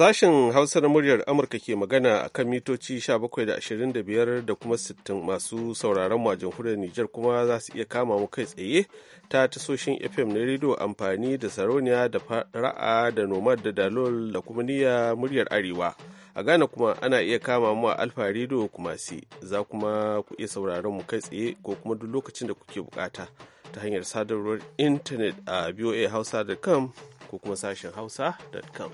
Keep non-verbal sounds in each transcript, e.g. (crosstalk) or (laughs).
Sashen Hausar muryar Amurka ke magana a kan mitoci 17.25 da kuma 60 masu sauraron mu a jamhuriyar Nijar kuma za su iya kama mu kai tsaye ta tasoshin FM na rediyo amfani da sarauniya da fara'a da nomad da dalol da kuma niyya muryar Arewa. A Ghana kuma ana iya kama mu a Alfa rediyo kuma si za kuma ku iya sauraron mu kai tsaye ko kuma duk lokacin da kuke bukata ta hanyar sadarwar intanet a voahausa.com ko kuma sashen hausa.com.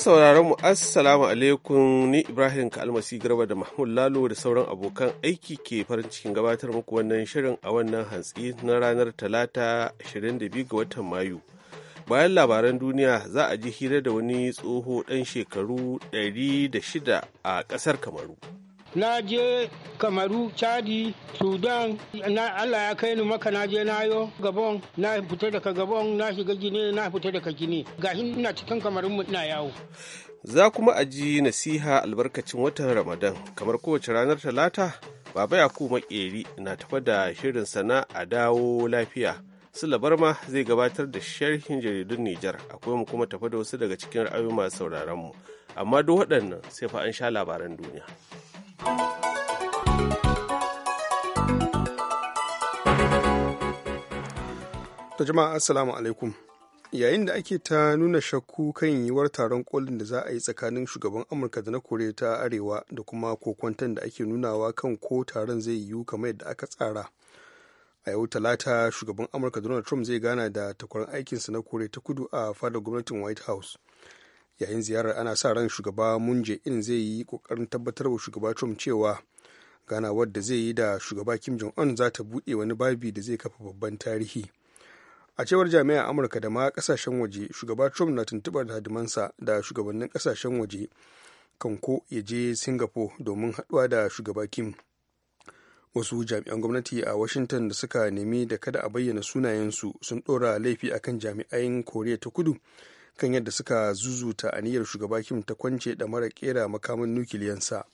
sauraron mu assalamu alaikum ni ibrahim kalmasi garba da mahmud lalo da sauran abokan aiki ke farin cikin gabatar muku wannan shirin a wannan hantsi na ranar talata 22 ga watan mayu bayan labaran duniya za a ji hira da wani tsoho dan shekaru 106 a ƙasar kamaru na je kamaru chadi sudan na allah ya kai ni maka na je na yo gabon na fita daga gabon na shiga gine na fita daga gine gashi ina cikin mu na yawo za kuma a ji nasiha albarkacin watan ramadan kamar kowace ranar talata baba yakubu Maƙeri, na tafa da shirin sana a dawo lafiya su labarma zai gabatar da sharhin jaridun Nijar akwai mu kuma tafa da wasu daga cikin ra'ayoyi masu sauraron mu amma duk waɗannan sai fa an sha labaran duniya. To jama'a assalamu alaikum. Yayin da ake ta nuna shakku kan yiwuwar taron kolin da za a yi tsakanin shugaban Amurka da na Koriya ta Arewa da kuma kokwanton da ake nunawa kan ko taron zai yiwu kamar yadda aka tsara. A yau talata shugaban Amurka Donald Trump zai gana da takwarar aikinsa na Koriya ta Kudu a fadar gwamnatin White House. yayin ziyarar ana sa ran shugaba munje in zai yi kokarin tabbatar wa shugaba trump cewa ganawar da zai yi da shugaba kim jong un za ta buɗe wani babi da zai kafa babban tarihi a cewar jami'a amurka da ma kasashen waje shugaba trump na tuntuɓar hadimansa da shugabannin kasashen waje kan ko ya je singapore domin haɗuwa da shugaba kim wasu jami'an gwamnati a washington da suka nemi da kada a bayyana sunayensu sun ɗora laifi akan jami'an koriya ta kudu kan yadda suka zuzuta aniyar shugaba kim ta kwance da mara kera makamin nukiliyansa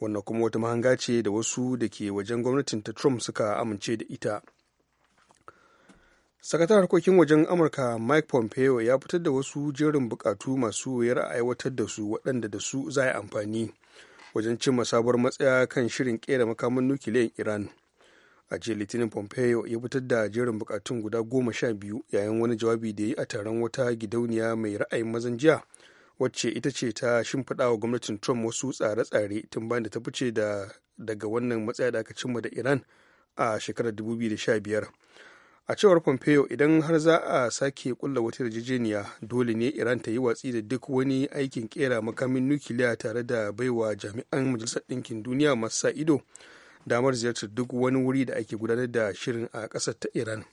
wannan kuma wata mahanga ce da wasu da ke wajen gwamnatin ta trump suka amince da ita sakataren harkokin wajen amurka mike pompeo ya fitar da wasu jerin bukatu masu wuyar aiwatar da su waɗanda da su za a amfani wajen cimma sabuwar matsaya kan shirin kera makamin nukiliyan iran a jiya litinin pompeo ya fitar da jerin bukatun guda goma sha biyu yayin wani jawabi da ya yi a taron wata gidauniya mai ra'ayin mazan jiya wacce ita ce ta shimfiɗa wa gwamnatin trump wasu tsare-tsare tun bayan da ta fice da daga wannan matsaya da aka cimma da iran a shekarar 2015 a cewar pompeo idan har za a sake kulla wata yarjejeniya dole ne iran ta yi watsi da duk wani aikin kera makamin nukiliya tare da baiwa jami'an majalisar ɗinkin duniya masu sa ido damar ziyartar duk wani wuri da ake gudanar da shirin a ƙasar ta iran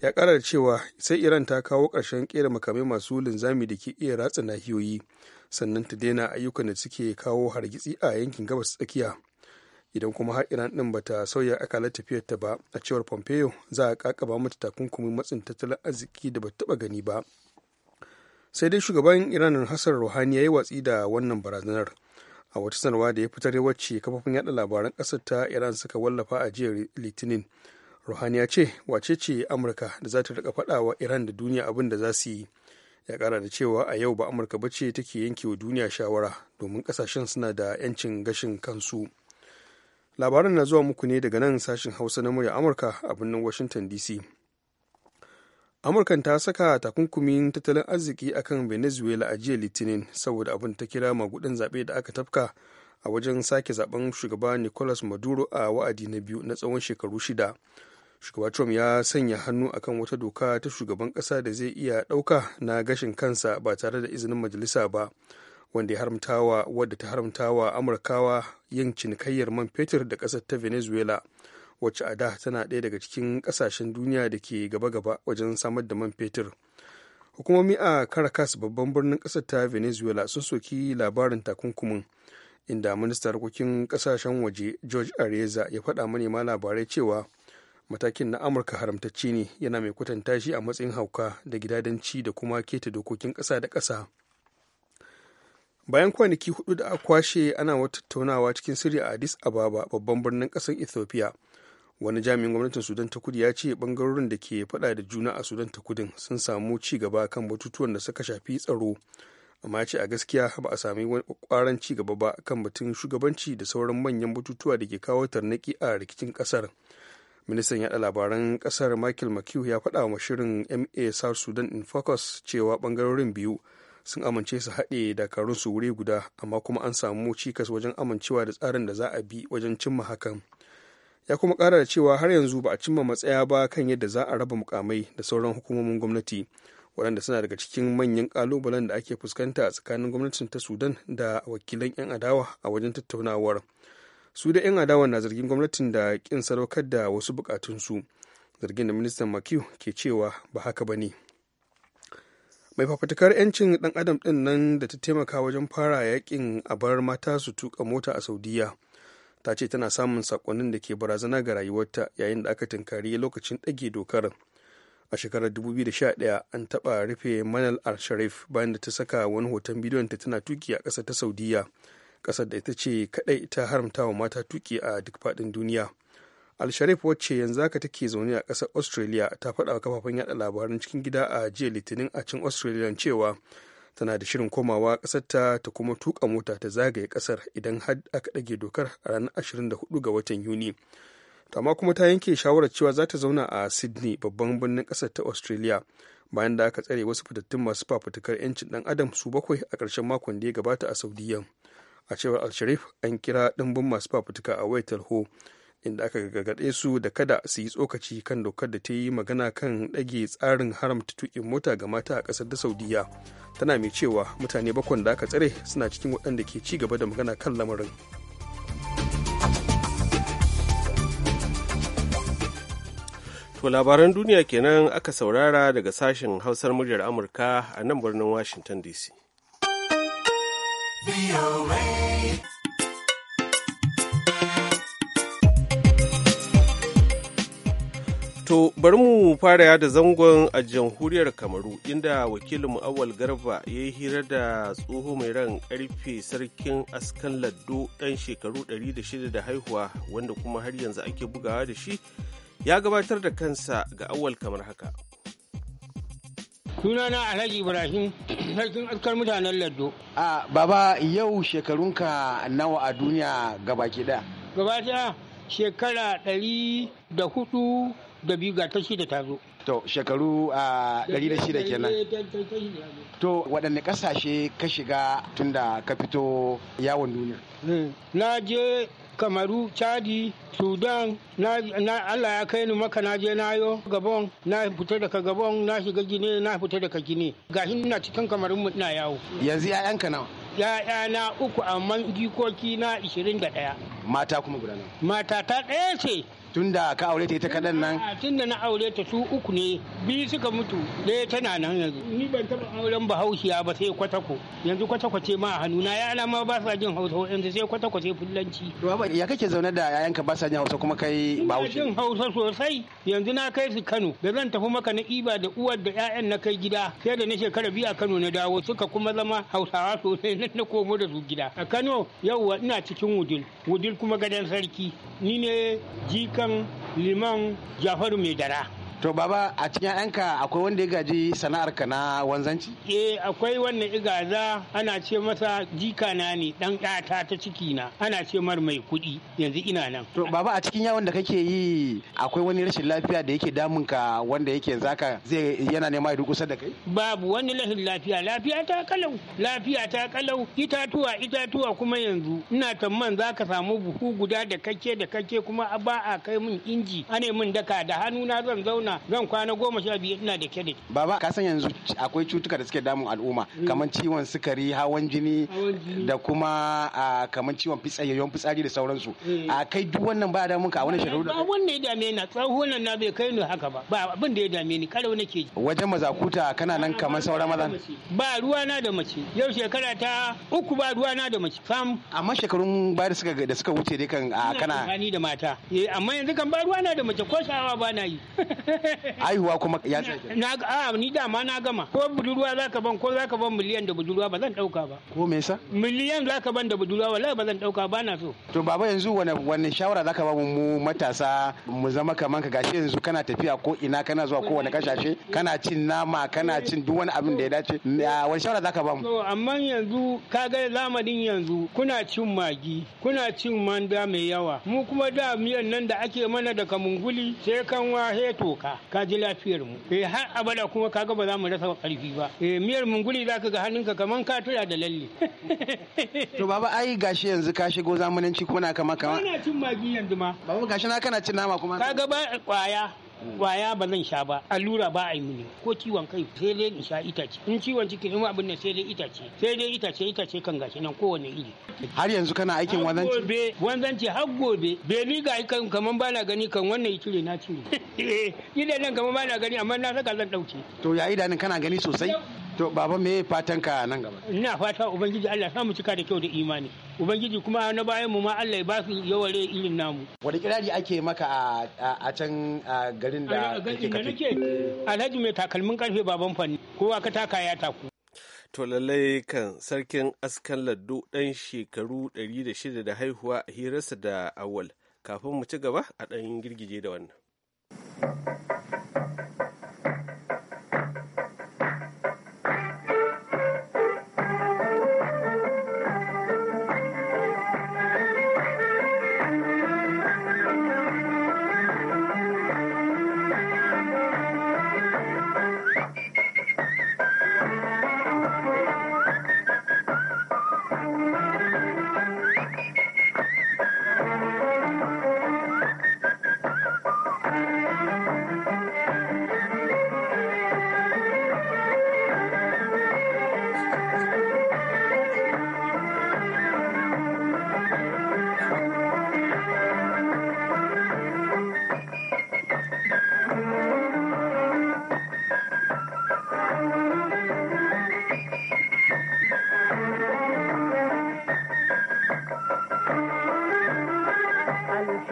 ya ƙara da cewa sai iran ta kawo ƙarshen ƙera makamai masu linzami da ke iya ratsa nahiyoyi sannan ta daina ayyukan da suke kawo hargitsi a yankin gabas tsakiya idan kuma har iran ɗin ba ta sauya akalar tafiyar ta ba a cewar pompeo za a ƙaƙaba mata takunkumin matsin tattalin arziki da ba taɓa gani ba sai dai shugaban iran hassan ruhani ya yi watsi da wannan barazanar a wata sanarwa da ya fitar da wacce kafofin yada labaran ƙasar ta iran suka wallafa a jiya litinin ruhani ya ce wace ce amurka da za ta rika faɗa wa iran da duniya abin da za su yi ya kara da cewa a yau ba amurka ba ce take yanke wa duniya shawara domin ƙasashen suna da 'yancin gashin kansu labaran na zuwa muku ne daga nan sashen hausa na murya amurka a birnin washington dc amurkan ta saka takunkumin tattalin arziki akan venezuela a jiya litinin saboda abin ta kira magudan zaɓe da aka tafka a wajen sake zaben shugaba nicolas maduro a wa'adi na biyu na tsawon shekaru shida shugaba trump ya sanya hannu akan wata doka ta shugaban ƙasa da zai iya ɗauka na gashin kansa ba tare da izinin majalisa ba wanda ya haramtawa wadda ta haramtawa amurkawa yin cinikayyar man fetur da ƙasar ta venezuela wacce a da tana ɗaya daga cikin ƙasashen duniya da ke gaba-gaba wajen samar da man fetur hukumomi a caracas babban birnin ƙasar ta venezuela sun soki labarin takunkumin inda ministan harkokin ƙasashen waje george areza ya faɗa manema labarai cewa matakin na amurka haramtacci ne yana mai kwatanta shi a matsayin hauka da gidadanci da kuma keta dokokin ƙasa da ƙasa bayan kwanaki hudu da a kwashe ana tattaunawa cikin sirri a addis ababa babban birnin ƙasar ethiopia wani jami'in gwamnatin sudan ta kudu ya ce bangarorin da ke fada da juna a sudan ta kudin sun samu ci gaba kan batutuwan da suka shafi tsaro amma ya ce a gaskiya ba a sami wani kwaran ci gaba ba kan batun shugabanci da sauran manyan batutuwa da ke kawo tarnaki a rikicin kasar ministan yada labaran kasar michael mchugh ya faɗa wa shirin ma south sudan in focus cewa bangarorin biyu sun amince su haɗe dakarunsu wuri guda amma kuma an samu cikas wajen amincewa da tsarin da za a bi wajen cimma hakan ya kuma kara da cewa har yanzu ba a cimma matsaya ba kan yadda za a raba mukamai da sauran hukumomin gwamnati waɗanda suna daga cikin manyan kalubalen da ake fuskanta a tsakanin gwamnatin ta sudan da wakilan 'yan adawa a wajen tattaunawar su da 'yan adawa na zargin gwamnatin da kin sadaukar da wasu su zargin da ministan makiu ke cewa ba haka ba ne mai fafatakar 'yancin ɗan adam ɗin nan da ta taimaka wajen fara yakin a bar mata su tuka mota a saudiya ta ce tana samun sakonnin da ke barazana ga rayuwarta yayin da aka tunkari lokacin ɗage dokar a shekarar 2011 an taɓa rufe manal al-sharif bayan da ta saka wani hoton bidiyon ta tana tuki a ƙasa ta saudiya ƙasar da ita ce kaɗai ta haramta wa mata tuki a duk faɗin duniya al-sharif wacce yanzu haka take zaune a ƙasar australia ta faɗa wa kafafen yada labaran cikin gida a jiya litinin a cin australia cewa tana da shirin komawa ƙasarta ta kuma tuka mota ta zagaye ƙasar idan har aka ɗage dokar a ranar 24 ga watan yuni amma kuma ta yanke shawarar cewa za ta zauna a sydney babban birnin ƙasar ta australia bayan da aka tsare wasu fitattun masu fafutukar 'yancin ɗan adam su bakwai a ƙarshen makon da ya gabata a saudiya a cewar al-sharif an kira ɗimbin masu fafutuka a waitar inda aka gargaɗe su da kada su yi tsokaci kan dokar da ta yi magana kan ɗage tsarin haramta tuƙin mota ga mata a ƙasar da saudiya tana mai cewa mutane bakwan da aka tsare suna cikin waɗanda ke ci gaba da magana kan lamarin To labaran duniya kenan aka saurara daga sashen hausar muryar amurka a nan birnin washington dc. To bari mu fara ya da zangon a jamhuriyar Kamaru inda wakilin awal garba ya yi hira da tsoho mai ran karfe sarkin askan laddo ɗan shekaru 106 da haihuwa wanda kuma har yanzu ake bugawa da shi ya gabatar da kansa ga awal kamar haka. sunana alhaji ibrahim sarkin askar mutanen laddo a baba yau shekarunka nawa a duniya gabaki daya gabaki shekara ɗari da hudu da biyu ga ta shida ta zo to shekaru a ɗari da shida kenan eh, to waɗanne ƙasashe ka shiga tun da ka fito yawon duniya eh, na je kamaru chadi sudan na, allah ya kai ni maka na je na yo gabon na fita daga gabon na shiga gine na fita daga gine gashi ina cikin kamarun na yawo yanzu 'ya'yanka nawa na uku amma jikoki na 21. Mata kuma guda nawa? Mata ta ɗaya ce tun da ka aure ta ita kaɗan nan ah, tun da na aure ta su uku ne biyu suka mutu ɗaya tana nan yanzu ni ban taɓa auren bahaushiya ba sai kwatako yanzu kwatako ce ma a hannuna yana ma ba sa jin hausa yanzu sai kwatako sai fulanci ya kake zaune da yayanka ba sa jin hausa kuma kai bahaushe jin hausa sosai yanzu na kai su kano da zan tafi maka na iba da uwar da 'ya'yan na kai gida sai da na shekara biyu a kano na dawo suka kuma zama hausawa sosai nan (laughs) na komo da su gida a kano yauwa ina cikin wudil wudil kuma gadon sarki ni ne jikan. malam liman jafaru mai dara To baba a cikin yanka akwai wanda ya gaji sana'arka na wanzanci? Eh akwai wannan igaza ana ce masa jika na ne dan ɗata ta ciki na ana ce mar mai kuɗi yanzu ina nan. To baba a cikin yawon da kake yi akwai wani rashin lafiya da yake damun ka wanda yake zaka zai yana nema ya kusa da kai? Babu wani rashin lafiya lafiya ta kalau lafiya ta kalau itatuwa itatuwa kuma yanzu ina tamman zaka samu buhu guda da kake da kake kuma ba a kai min inji ane min daka da hannu na zan zauna zauna zan kwana goma sha biyu ina da credit. Baba ka san yanzu akwai cutuka da suke damun al'umma mm. kamar ciwon sukari, hawan jini da kuma kamar ciwon yawan fitsari da sauransu. Mm. A kai duk wannan ba damun ka a wani shekaru da. Ba wannan ya dame na nan na bai kai ni haka ba ba abin da ya dame ni kare nake ji. Wajen mazakuta kana nan kamar sauran mazan. Ba ruwa na da mace yau shekara ta uku ba ruwa na da mace sam. Amma shekarun baya da suka da suka wuce dai kan kana. Ina da mata eh, amma yanzu kan ba ruwa na da mace ko shawa ba na yi. (laughs) aihuwa kuma ya tsaye na a ni dama na gama ko budurwa zaka ban ko zaka ban miliyan da budurwa ba zan dauka ba ko me yasa miliyan zaka ban da budurwa wallahi ba zan dauka ba na so to baba yanzu wani wani shawara zaka ba mu matasa mu zama kaman ka gashi yanzu kana tafiya ko ina kana zuwa ko wani kashashe kana cin nama kana cin duk wani abin da ya dace wani shawara zaka ba mu to amma yanzu kaga zamanin yanzu kuna cin magi kuna cin manda mai yawa mu kuma da miyan nan da ake mana da kamunguli sai kan wahe toka taimaka ka ji lafiyar mu eh har abada kuma kaga ba za mu rasa karfi ba eh miyar munguli zaka ga hannunka kaman ka tura da lalle to baba ai gashi yanzu ka shigo zamananci kuma na kama kama kana cin magi yanzu ma baba gashi na kana cin nama kuma kaga ba kwaya kwaya ba zan sha ba allura ba a yi mini ko ciwon kai sai dai in sha itace in ciwon ciki in abin nan sai dai itace sai dai itace itace kan gashi nan kowane iri har yanzu kana aikin wanzanci gobe wanzanci har gobe be ni ga kan kaman bana gani kan wannan ya cire na cire (laughs) eh, idan nan kaman bana gani amma na saka zan dauke to ya idanun kana gani sosai to baba me fatan ka nan gaba ina fata ubangiji Allah samu cika da kyau da imani ubangiji kuma na bayan mu ma Allah ya ba su yaware irin namu wani kirari ake maka a can garin da kake Alhaji mai takalmin karfe baban fanni kowa ka taka ya taku to lallai kan sarkin askan laddo dan shekaru 106 da shida da haihuwa a hirarsa da awal kafin mu ci gaba a dan girgije da wannan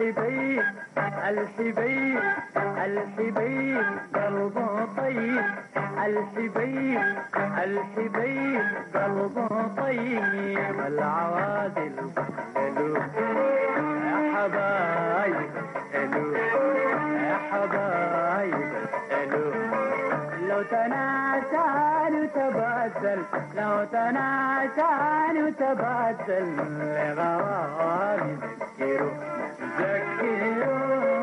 الحبيب الحبيب الحبيب قلبه طيب الحبيب الحبيب قلبه طيب العوادل الو يا حبايب الو يا حبايب لو تناسى نتبادل لو تناسى نتبادل لغوامي ذكروا ذكروا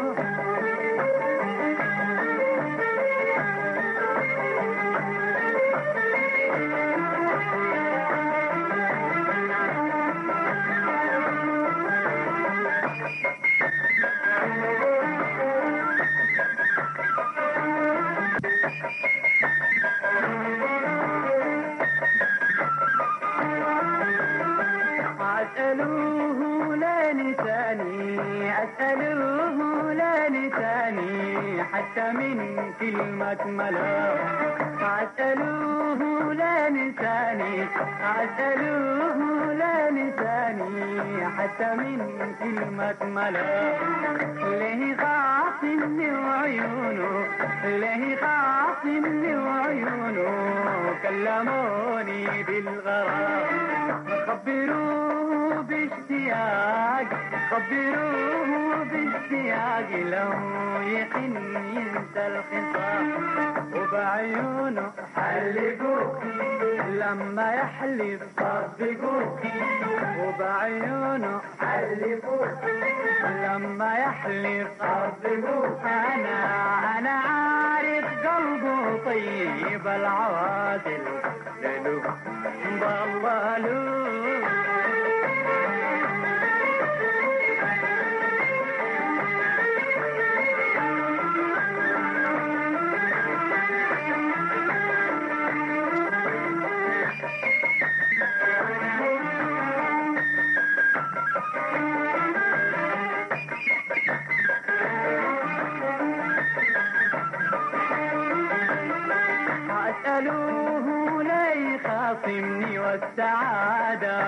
سمعت من كلمة ملا عسلوه لا نساني عسلوه لا نساني حتى من كلمة ملا له غاصم وعيونه له غاصم وعيونه كلموني بالغرام خبروه باشتياق خبروه بالسياج لو يحن ينسى الخصام وبعيونه حلقوك لما يحلف صدقوك وبعيونه حلقوك لما يحلف صدقوك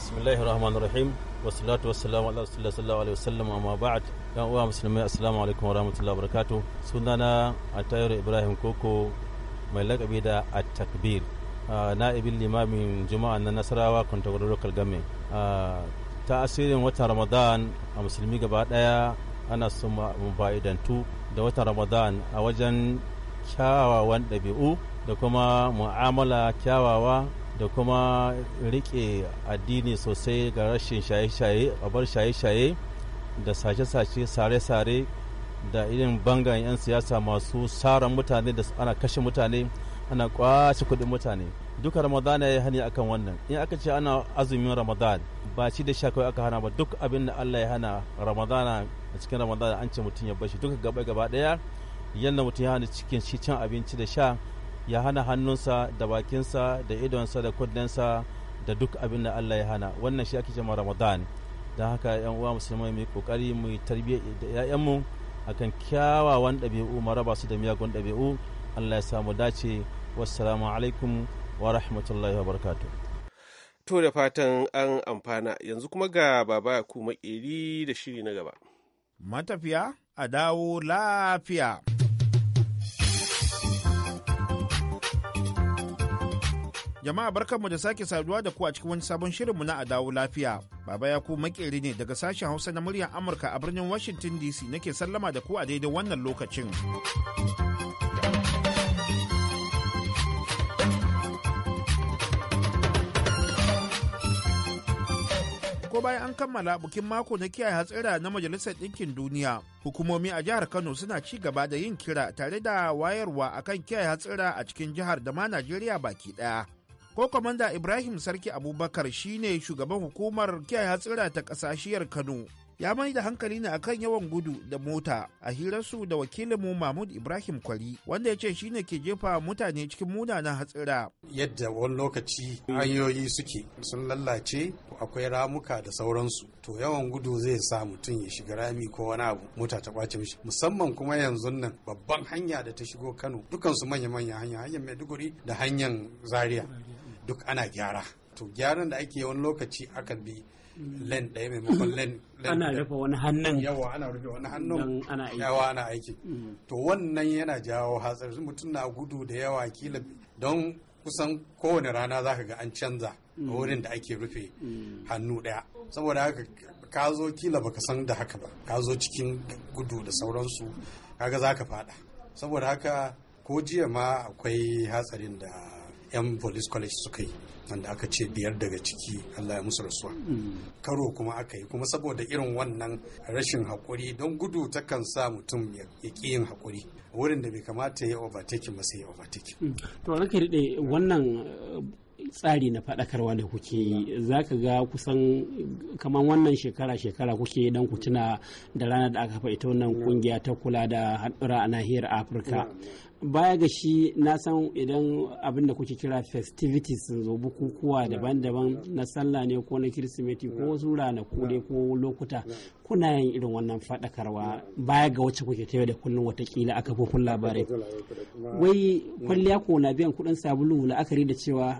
bismillahir rahmanir rahim wassalatu wassalamu ala rasulillah sallallahu alaihi wasallam amma ba'd yan uwa musulmai assalamu alaikum wa rahmatullahi wa barakatuh sunana atayiru ibrahim koko mai lakabi da at-takbir ah, na'ibin limamin juma'a na nasarawa kwantagwar local game. Ah, ta asirin watan ramadan a musulmi gaba daya ana su fa'idantu da watan ramadan a wajen kyawawan dabi'u da kuma mu'amala kyawawa da kuma rike addini sosai ga rashin shaye-shaye a bar shaye-shaye da sace-sace sare-sare da irin bangan 'yan siyasa masu sara mutane da ana kashe mutane ana kwashe kudin mutane duka ramadana ya yi hani akan wannan in aka ce ana azumin ramadan ba shi da shakawai aka hana ba duk abin da allah ya hana ramadana a cikin ramadana an ce mutum ya bashi duka gaba gaba daya yadda mutum ya hana cikin shi cin abinci da sha ya hana hannunsa da bakinsa da idonsa da kudinsa da duk abin da Allah ya hana wannan shi ake cewa Ramadan don haka yan uwa musulmai mu kokari mu tarbiyya da ƴaƴanmu akan kyawawan ɗabi'u mu raba su da miyagun ɗabi'u Allah ya samu dace wassalamu alaikum wa rahmatullahi wa barakatuh to da fatan an amfana yanzu kuma ga baba ku makeri da shiri na gaba matafiya a dawo lafiya Jama'a barkanmu da sake saduwa da ku a cikin wani sabon mu na Adawo Lafiya. Baba ya ku makeri ne daga sashen Hausa na muryar Amurka a birnin Washington DC nake sallama da ku a daidai wannan lokacin. ko bayan an kammala bukin mako na kiyaye hatsira na majalisar ɗinkin duniya hukumomi a jihar kano suna ci gaba da yin kira tare da wayarwa akan kiyaye hatsira a cikin jihar da ma najeriya baki ɗaya ko kwamanda ibrahim sarki abubakar shine shugaban hukumar kiyaye hatsira ta kasashiyar kano ya mai da hankali ne akan yawan gudu da mota a hirarsu da wakilinmu mahmud ibrahim kwari wanda ya ce shine ke jefa mutane cikin munanan hatsira yadda wani lokaci hanyoyi suke sun lallace akwai ramuka da sauransu to yawan gudu zai sa mutum ya shiga rami ko wani abu mota ta kwace mishi musamman kuma yanzu nan babban hanya da ta shigo kano dukansu manya-manya hanya hanyar maiduguri da hanyar zaria duk ana gyara to gyaran da ake wani lokaci aka bi len ɗaya maimakon len ana rufe wani hannun yawa ana rufe wani hannun yawa ana aiki mm. to wannan yana jawo hatsari mutum na gudu da yawa kila don kusan kowane rana za ka ga an canza a mm. wurin da ake rufe mm. hannu ɗaya saboda haka ka zo kila baka san da haka ba ka zo cikin gudu da sauransu kaga za ka fada saboda haka ko jiya ma akwai hatsarin da 'yan police college suka yi wanda aka ce biyar daga ciki allah ya musu rasuwa hmm. karo kuma aka yi kuma saboda irin wannan rashin hakuri don gudu takan sa mutum ya ƙi yin haƙuri wurin da bai kamata ya overtaking ba sai ya overtaking hmm. to rake daɗe wannan eh, tsari na faɗakarwa da kuke yi za ka ga kusan kamar wannan shekara-shekara kuke dan ku tuna da ranar da aka faɗi ta wannan kungiya ta kula da haɗura a nahiyar afirka baya ga shi na san idan abin da kuke kira festivities sun zo bukukuwa daban-daban na sallah ne ko na kirsimeti ko wasu ranaku ne ko lokuta kuna yin irin wannan faɗakarwa baya ga wacce kuke tayo da kullum watakila a kafofin labarai wai kwalliya ko na biyan kuɗin sabulu la'akari da cewa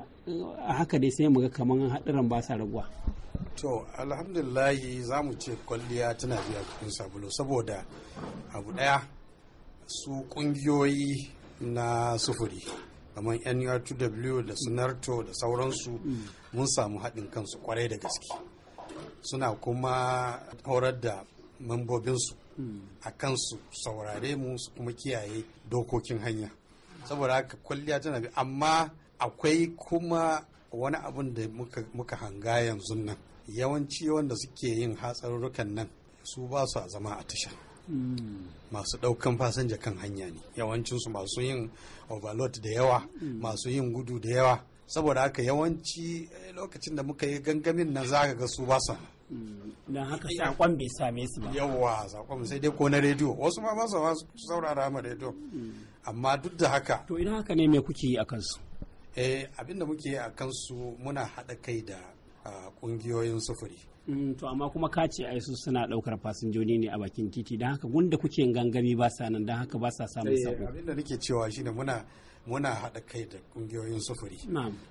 a haka dai sai muga kaman haɗarin ba sa raguwa to alhamdulillahi za mu ce kwalliya tana biya kuɗin sabulu saboda abu ɗaya su kungiyoyi na sufuri kamar nrtw da sunarto da sauransu mun samu haɗin kansu kwarai da gaske suna kuma horar da mambobinsu a kansu saurare mu su kuma kiyaye dokokin hanya saboda haka kwalliya tana bi amma akwai kuma wani abun da muka hanga yanzu nan yawanci wanda suke yin hatsarurrukan nan su ba su zama a tasha masu ɗaukan fasinja kan hanya ne yawancinsu masu yin overload da yawa masu yin gudu da yawa saboda haka yawanci eh, lokacin da muka yi gangamin nan za ga su ba sa don haka saƙon bai same su ba yawa saƙon sai dai ko na rediyo wasu ma ba su saurara ma rediyo amma duk da haka to idan haka ne me kuke yi a kansu eh abin da muke yi a kansu muna haɗa kai da ah, ƙungiyoyin sufuri Mm, to amma kuma ka ce ai su suna daukar fasinjoji ne a bakin titi don haka gunda kuke gangami ba sa nan don haka ba sa samun eh, sako abin da nake cewa shine muna muna haɗa kai da kungiyoyin sufuri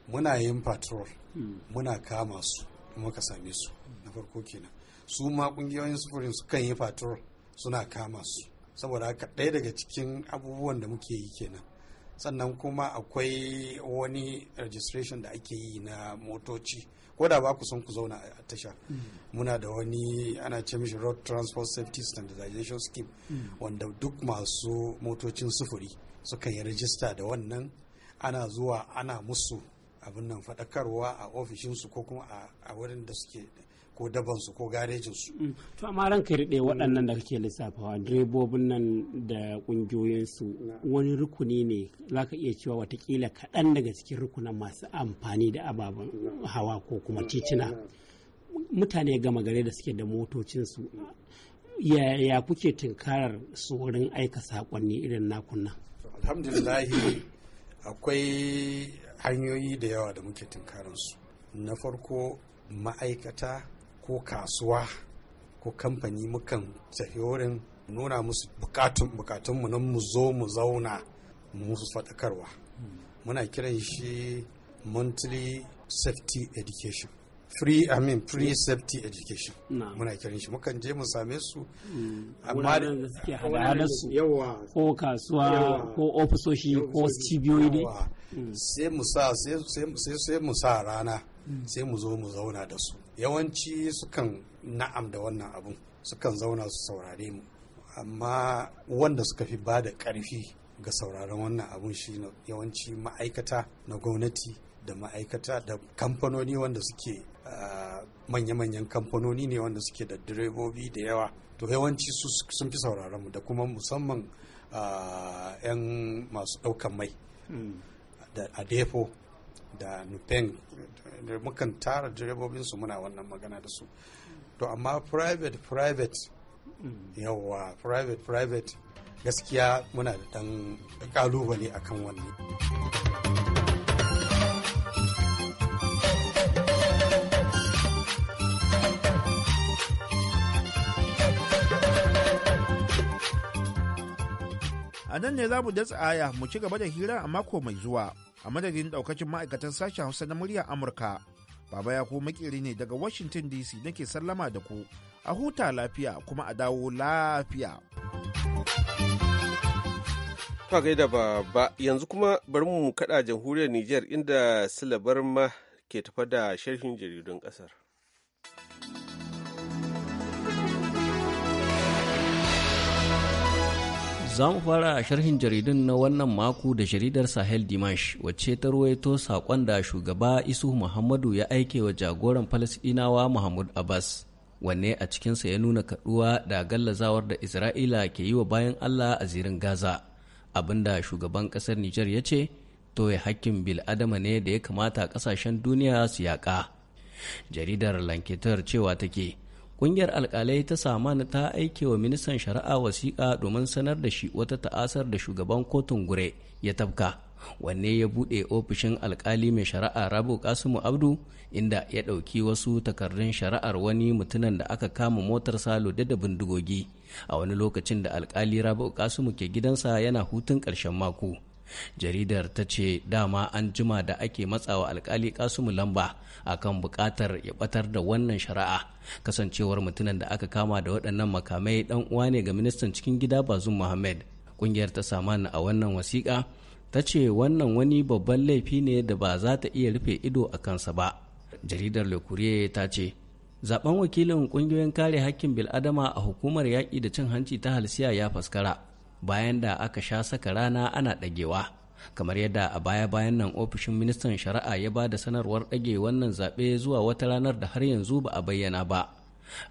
muna yin patrol hmm. muna kama su kuma ka same su na farko kenan su ma kungiyoyin sufurin su kan yi patrol suna kama su saboda haka ɗaya daga cikin abubuwan da muke yi kenan sannan kuma akwai wani registration da ake yi na motoci ko da ba ku son ku zauna a tasha mm. muna da wani ana ce mishi road transport safety standardization scheme mm. wanda duk masu motocin sufuri suka yi rajista da wannan ana zuwa ana musu abin nan faɗakarwa a ofishinsu ko kuma a wurin da suke ko dabansu ko garejinsu. Mm. to amma ran kai daɗe waɗannan da kake lissafawa direbobin nan da ƙungiyoyinsu wani rukuni ne za ka iya cewa watakila kaɗan daga cikin rukunan masu amfani da ababen hawa ko kuma titina mutane gama gare da suke da motocinsu ya kuke tunkarar su wurin aika saƙonni irin nakunan. alhamdulillahi akwai hanyoyi da yawa da muke tunkararsu na farko ma'aikata ko kasuwa ko kamfani mukan tafi wurin nuna musu bukatun mu nan mu zo mu zauna musu faɗakarwa muna kiran shi monthly safety education free i mean free safety education muna kiran shi mukan je mu same su hmm. amma da suke hada su ko kasuwa ko ofisoshi ko cibiyoyi ne hmm. sai mu sa sai mu sa rana sai mu zo mu zauna da su yawanci sukan na'am da wannan abun sukan zauna su saurare mu amma wanda suka fi ba da ƙarfi ga sauraron wannan abun shi yawanci ma'aikata na gwamnati da ma'aikata da kamfanoni wanda suke ah, manya-manyan kamfanoni ne wanda suke da direbobi da yawa to yawanci sun fi sauraron mu da kuma musamman ah, 'yan masu ɗaukan mai hmm. a depo da Nupeng da mukan tara direbobinsu muna wannan magana da su to amma private private yawa private private gaskiya muna da dan kalubale akan wani a nan ne za mu datsa aya mu ci gaba da hira a mako mai zuwa a madadin daukacin ma'aikatan sashen hausa na murya amurka baba ya ku makiri ne daga washington dc nake sallama da ku a huta lafiya kuma a dawo lafiya to gaida ba yanzu kuma bari mu kada jamhuriyar niger inda silabar ma ke tafa da sharhin jaridun kasar Za mu fara a sharhin jaridun na wannan mako da jaridar Sahel Dimash wacce ta ruwaito saƙon da shugaba Isu Muhammadu ya aike wa jagoran Falasɗinawa Muhammad Abbas. Wanne a cikinsa ya nuna kaɗuwa da gallazawar da Isra'ila ke yi wa bayan Allah a zirin Gaza. Abinda shugaban ƙasar Nijar ya ce, toye hakkin bil'adama ne da ya kamata ƙasashen duniya su yaƙa. Jaridar Lanketar cewa take, Ƙungiyar alkalai ta samana ta aike wa ministan shari'a wasiƙa domin sanar da shi wata ta'asar da shugaban kotun gure ya tafka. Wanne ya buɗe ofishin alkali mai shari'a Rabu Kasimu Abdu inda ya ɗauki wasu takardun shari'ar wani mutumin da aka kama motar salo da bindigogi a wani lokacin da alkali Rabu Kasimu ke gidansa yana hutun ƙarshen mako. jaridar ta ce dama an jima da ake matsawa alkali kasumu lamba a kan bukatar ya batar da wannan shari'a kasancewar mutumin da aka kama da waɗannan makamai ɗan uwa ne ga ministan cikin gida bazum muhammad Ƙungiyar ta saman a wannan wasiƙa ta ce wannan wani babban laifi ne da ba za ta iya rufe ido a kansa ba jaridar le ta ce zaben wakilin ƙungiyoyin kare hakkin bil'adama a hukumar yaƙi da cin hanci ta halsiya ya faskara bayan da aka sha saka rana ana ɗagewa kamar yadda a baya-bayan nan ofishin ministan shari'a ya ba da sanarwar ɗage wannan zaɓe zuwa wata ranar da har yanzu ba a bayyana ba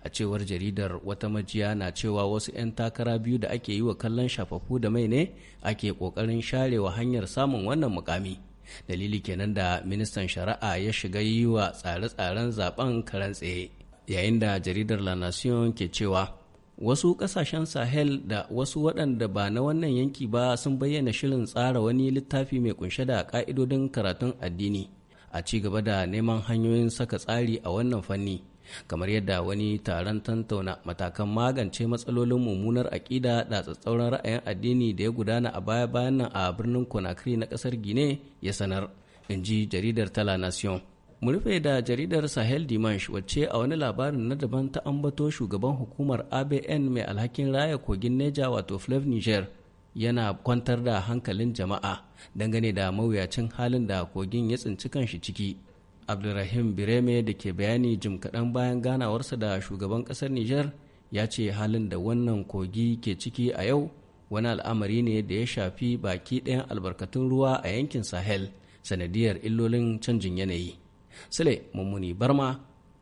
a cewar jaridar wata majiya na cewa wasu 'yan takara biyu da ake yi wa kallon shafafu da mai ne ake ƙoƙarin sharewa hanyar samun wannan mukami dalili kenan da ministan shari'a ya shiga yi wa tsare-tsaren zaben karan tsaye yayin da jaridar la nation ke cewa wasu kasashen sahel da wasu waɗanda ba na wannan yanki ba sun bayyana shirin tsara wani littafi mai kunshe da ƙa'idodin karatun addini a ci gaba da neman hanyoyin saka tsari a wannan fanni kamar yadda wani taron tantauna matakan magance matsalolin mummunar aƙida da tsatsauran ra'ayin addini da ya gudana a baya-bayan nan a birnin conakry na ƙasar gine ya sanar in ji jaridar tala nation mu rufe da jaridar sahel Dimash wacce a wani labarin na daban ta ambato shugaban hukumar abn mai alhakin raya kogin neja wato flav niger yana kwantar da hankalin jama'a dangane da mawuyacin halin da kogin ya tsinci kanshi ciki abdulrahim bireme da ke bayani jim kaɗan bayan ganawarsa da shugaban ƙasar niger ya ce halin da wannan kogi ke ciki a yau wani al'amari ne da ya shafi baki ɗayan albarkatun ruwa a yankin sahel sanadiyar illolin canjin yanayi Sule Mummuni Barma,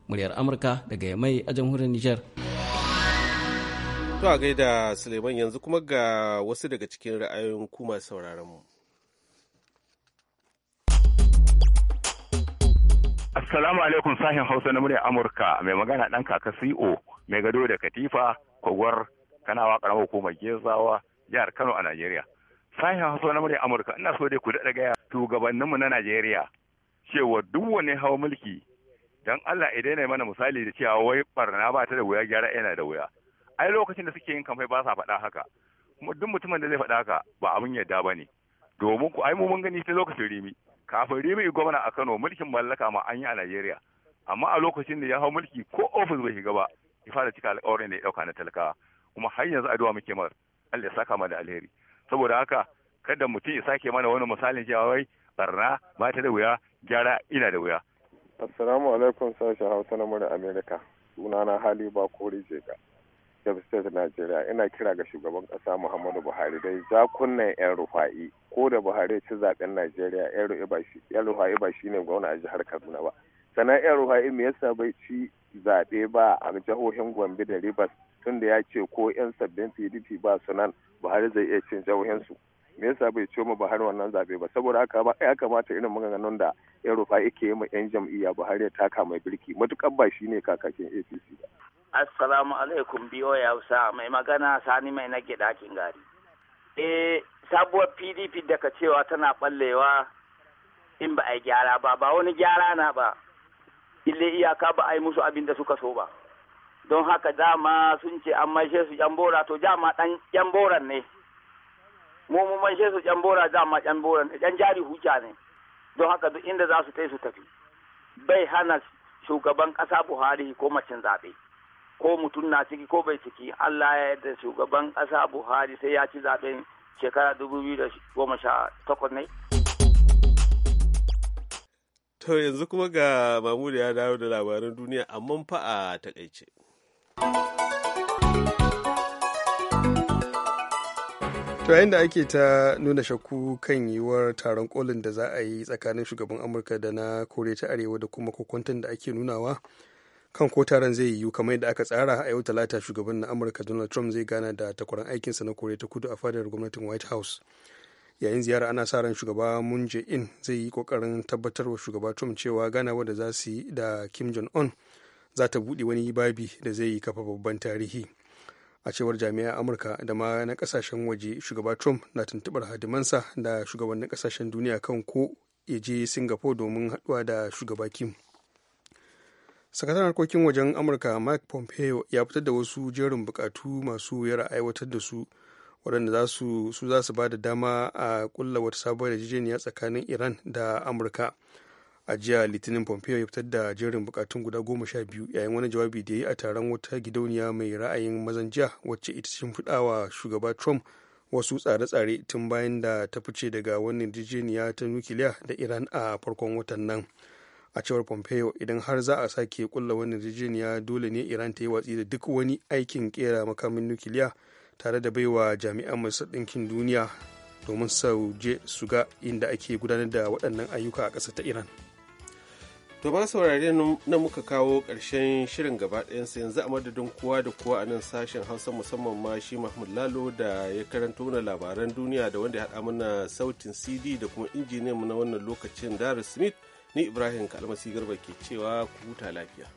muryar Amurka daga Yamai a jamhuriyar Nijar. To a gaida Suleiman yanzu kuma ga wasu daga cikin ra'ayoyin kuma sauraron mu. Assalamu alaikum sahin Hausa na muryar Amurka mai magana ɗan kaka CO e mai gado da Katifa Kogwar Kanawa karamar hukumar Gezawa jihar Kano a Najeriya. Sahin Hausa na muryar Amurka ina so dai ku daɗa gaya shugabanninmu na Najeriya cewa duk wani hawa mulki dan Allah idan daina mana misali da cewa wai barna ba ta da wuya gyara yana da wuya ai lokacin da suke yin kamfai ba sa faɗa haka kuma duk mutumin da zai faɗa haka ba abin yadda ba ne domin ku ai mu mun gani sai lokacin rimi kafin rimi gwamna a Kano mulkin mallaka ma an yi a Najeriya amma a lokacin da ya hau mulki ko ofis bai shiga ba ya fara cika alƙawarin da ya ɗauka na talakawa kuma har yanzu addu'a muke mar Allah ya saka mana alheri saboda haka kada mutum ya sake mana wani misalin cewa wai barna ba ta da wuya gyara ina da wuya assalamu alaikum sashen hausa na murar Suna sunana hali ba kori jega Kebbi State Najeriya ina kira ga shugaban kasa Muhammadu Buhari dai za kunnen yan rufa'i ko da Buhari ci zaben Najeriya yan rufa'i ba shi ne gwamna a jihar Kaduna ba. Sannan yan rufa'i me yasa bai ci zaɓe ba a jihohin Gombe da Rivers tunda ya ce ko yan sabbin PDP ba su nan Buhari zai iya cin jihohinsu. me yasa bai ciyo ma Buhari wannan zabe ba saboda haka ba ya kamata irin maganganun da ya rufa yake yi ma yan jam'iyya Buhari ya taka mai birki matukar ba ne kakakin APC ba Assalamu alaikum biyo ya Hausa mai magana Sani mai nake dakin gari eh sabuwar PDP daga cewa tana ballewa in ba a yi gyara ba ba wani gyara na ba ille iyaka ba a yi musu abin da suka so ba don haka dama sun ce an maishe su yan bora to dama dan yan boran ne mu mai manshe su ƴan bora dama ƴan bora ƴan jari huja ne don haka duk inda za su kai su tafi bai hana shugaban ƙasa Buhari ko macin zaɓe ko mutum na ciki ko bai ciki Allah ya yarda shugaban ƙasa Buhari sai ya ci zaɓen shekara dubu biyu da goma sha takwas ne. To yanzu kuma ga Mahmud ya dawo da labaran duniya amma fa a takaice. to yayin da ake ta nuna shakku kan yiwuwar taron kolin da za a yi tsakanin shugaban amurka da na kore ta arewa da kuma kokwanton da ake nunawa kan ko taron zai yiwu kamar yadda aka tsara a yau talata shugaban na amurka donald trump zai gana da takwaran aikinsa na kore ta kudu a fadar gwamnatin white house yayin ziyara ana sa ran shugaba moon in zai yi kokarin tabbatarwa shugaba trump cewa ganawar da za su yi da kim jong un za ta buɗe wani babi da zai yi kafa babban tarihi a cewar jami'an amurka da ma na kasashen waje shugaba trump na tuntubar hadimansa da shugabannin kasashen duniya kan ko ya je singapore domin haduwa da shugaba kim sakataren harkokin wajen amurka mike pompeo ya fitar da wasu jerin bukatu masu yara aiwatar da su waɗanda su su za su ba da dama a kulla wata sabuwar yarjejeniya tsakanin iran da amurka a jiya litinin pompeo ya fitar da jerin bukatun guda goma sha biyu yayin wani jawabi da ya yi a taron wata gidauniya mai ra'ayin mazan jiya wacce ita sun wa shugaba trump wasu tsare-tsare tun bayan da ta fice daga wani yarjejeniya ta nukiliya da iran a farkon watan nan a cewar pompeo idan har za a sake kulla wani yarjejeniya dole ne iran ta yi watsi da duk wani aikin kera makamin nukiliya tare da baiwa jami'an masu ɗinkin duniya domin sauje su ga inda ake gudanar da waɗannan ayyuka a ƙasa ta iran To ba saurare na muka kawo ƙarshen shirin gaba ɗayansa yanzu a madadin kowa da kowa a nan sashen Hausa musamman ma shi Mahmud Lalo da ya karanta mana labaran duniya da wanda ya haɗa mana sautin CD da kuma injiniyanmu na wannan lokacin Dara Smith ni Ibrahim Kalmasi Garba ke cewa ku huta lafiya.